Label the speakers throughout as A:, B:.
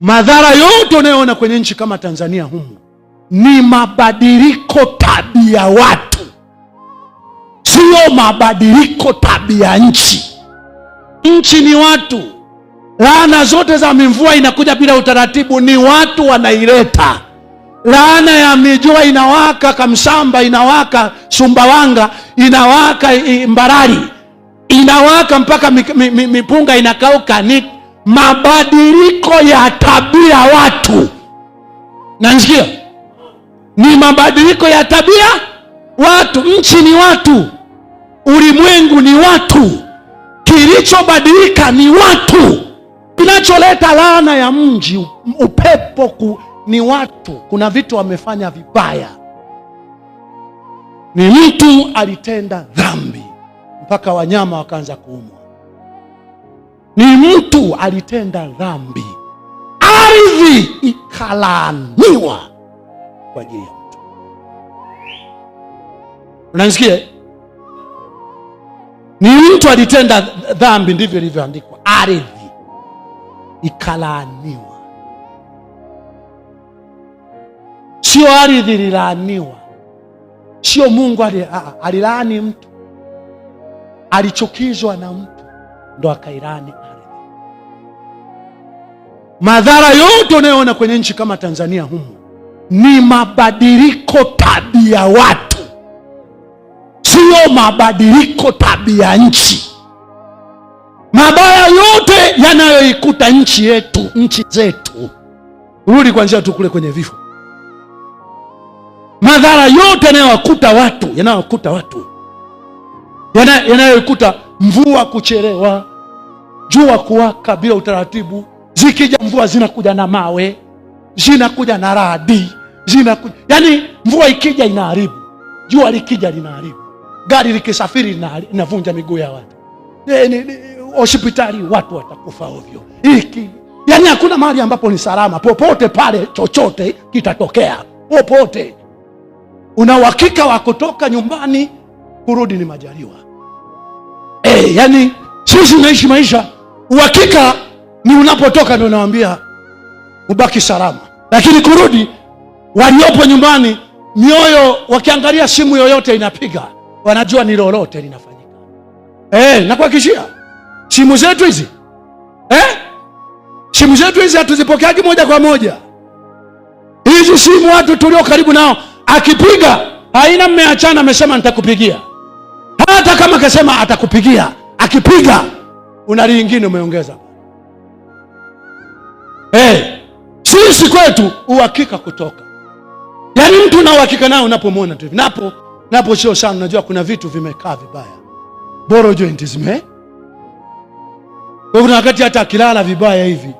A: Madhara yote unayoona kwenye nchi kama Tanzania humu ni mabadiliko tabia watu, sio mabadiliko tabia nchi. Nchi ni watu. Laana zote za mvua inakuja bila utaratibu, ni watu wanaileta. Laana ya mijua inawaka Kamsamba, inawaka Sumbawanga, inawaka Mbarali, inawaka mpaka mipunga inakauka ni mabadiliko ya tabia watu nansikia ni mabadiliko ya tabia watu nchi ni watu ulimwengu ni watu kilichobadilika ni watu kinacholeta laana ya mji upepo ku, ni watu kuna vitu wamefanya vibaya ni mtu alitenda dhambi mpaka wanyama wakaanza kuumwa ni mtu alitenda dhambi, ardhi ikalaaniwa kwa ajili ya mtu. Unanisikia? Ni mtu alitenda dhambi, ndivyo ilivyoandikwa, ardhi ikalaaniwa. Sio ardhi ililaaniwa, sio Mungu alilaani mtu, alichukizwa na mtu ndo akairani ardhi. Madhara yote unayoona kwenye nchi kama Tanzania humu ni mabadiliko tabia watu, sio mabadiliko tabia nchi. Mabaya yote yanayoikuta nchi yetu, nchi zetu, rudi kwanzia tu kule kwenye vifo. Madhara yote yanayowakuta watu, yanayowakuta watu, yanayoikuta mvua kuchelewa, jua kuwaka bila utaratibu. Zikija mvua zinakuja na mawe, zinakuja na radi, zinakuja yani, mvua ikija inaharibu, jua likija linaharibu, gari likisafiri linavunja miguu ya watu, hospitali watu watakufa ovyo. Hiki yani, hakuna mahali ambapo ni salama, popote pale chochote kitatokea popote. Una uhakika wa kutoka nyumbani, kurudi ni majaliwa hey, yani sisi naishi maisha uhakika ni unapotoka ndo nawambia ubaki salama lakini kurudi waliopo nyumbani mioyo wakiangalia simu yoyote inapiga wanajua ni lolote linafanyika eh, nakuhakikishia simu zetu hizi eh? simu zetu hizi hatuzipokeaji moja kwa moja hizi simu watu tulio karibu nao akipiga haina mmeachana amesema nitakupigia hata kama akasema atakupigia, akipiga una lingine umeongeza. Hey, eh, sisi kwetu uhakika kutoka, yaani mtu na uhakika unapomwona tu hivi, napo napo sio sana. Unajua kuna vitu vimekaa vibaya, boro joint zime, kuna wakati hata akilala vibaya hivi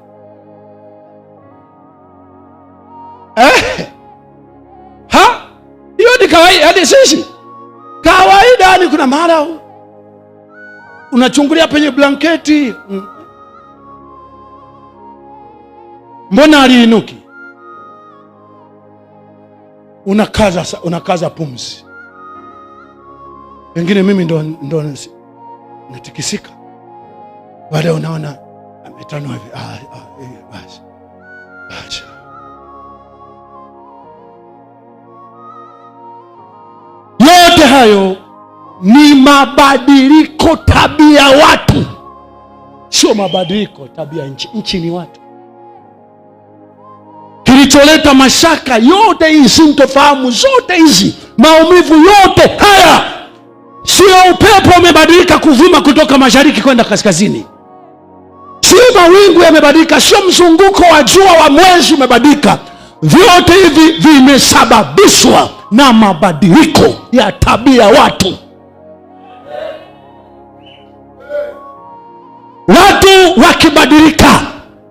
A: eh, ha hiyo ni kawaida hadi sisi Yaani kuna mara unachungulia penye blanketi, mbona aliinuki? Unakaza, unakaza pumzi. Pengine mimi ndo, ndo natikisika, Baada unaona ametanua hivi. Ah, ah, eh, basi basi yote hayo ni mabadiliko tabia watu, sio mabadiliko tabia nchi. Nchi ni watu. Kilicholeta mashaka yote hizi, mtofahamu zote hizi, maumivu yote haya, sio upepo umebadilika kuvuma kutoka mashariki kwenda kaskazini, sio mawingu yamebadilika, sio mzunguko wa jua wa mwezi umebadilika. Vyote hivi vimesababishwa na mabadiliko ya tabia watu. Watu wakibadilika,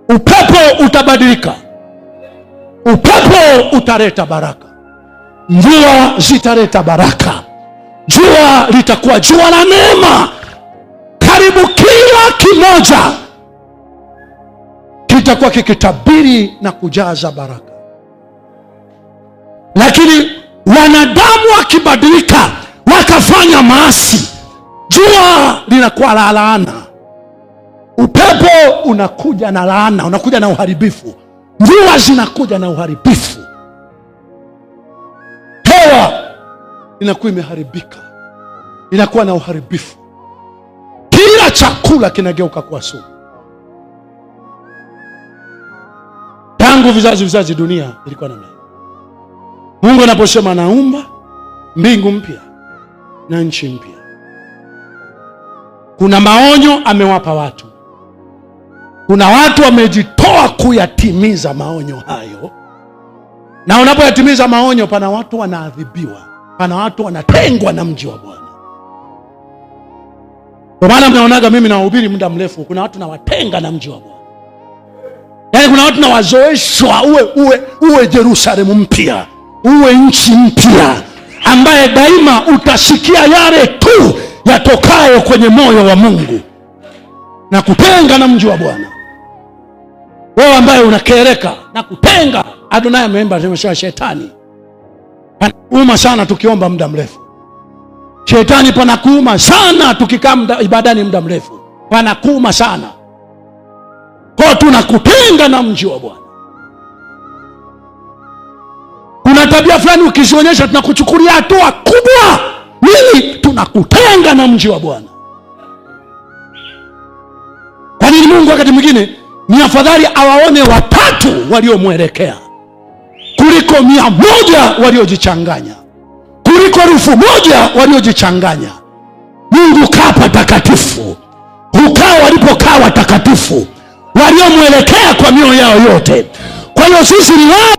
A: upepo utabadilika, upepo utaleta baraka, mvua zitaleta baraka, jua litakuwa jua la neema. Karibu kila kimoja kitakuwa kikitabiri na kujaza baraka, lakini wanadamu wakibadilika wakafanya maasi, jua linakuwa la laana Upepo unakuja na laana, unakuja na uharibifu. Mvua zinakuja na uharibifu, hewa inakuwa imeharibika, inakuwa na uharibifu. Kila chakula kinageuka kuwa sumu. Tangu vizazi vizazi, dunia ilikuwa namna hiyo. Mungu anaposema naumba mbingu mpya na nchi mpya, kuna maonyo amewapa watu kuna watu wamejitoa kuyatimiza maonyo hayo, na unapoyatimiza maonyo, pana watu wanaadhibiwa, pana watu wanatengwa na mji wa Bwana. Kwa maana mnaonaga mimi nawahubiri muda mrefu, kuna watu nawatenga na mji wa Bwana. Yaani kuna watu nawazoeshwa uwe, uwe, uwe Jerusalemu mpya, uwe nchi mpya ambaye daima utasikia yale tu yatokayo kwenye moyo wa Mungu na kutenga na mji wa Bwana wewe ambaye unakereka na kutenga, Adonai ameemba mesha shetani panakuuma sana tukiomba muda mrefu, shetani panakuuma sana tukikaa ibadani muda mrefu, panakuuma sana kwa tunakutenga na mji wa Bwana. Kuna tabia fulani ukizionyesha, tunakuchukulia hatua kubwa, nini, tunakutenga na mji wa Bwana. Kwa nini Mungu wakati mwingine ni afadhali awaone watatu waliomwelekea kuliko mia moja waliojichanganya, kuliko elfu moja waliojichanganya. Mungu kaa patakatifu, hukaa walipokaa watakatifu waliomwelekea kwa mioyo yao yote. Kwa hiyo sisi ni wao.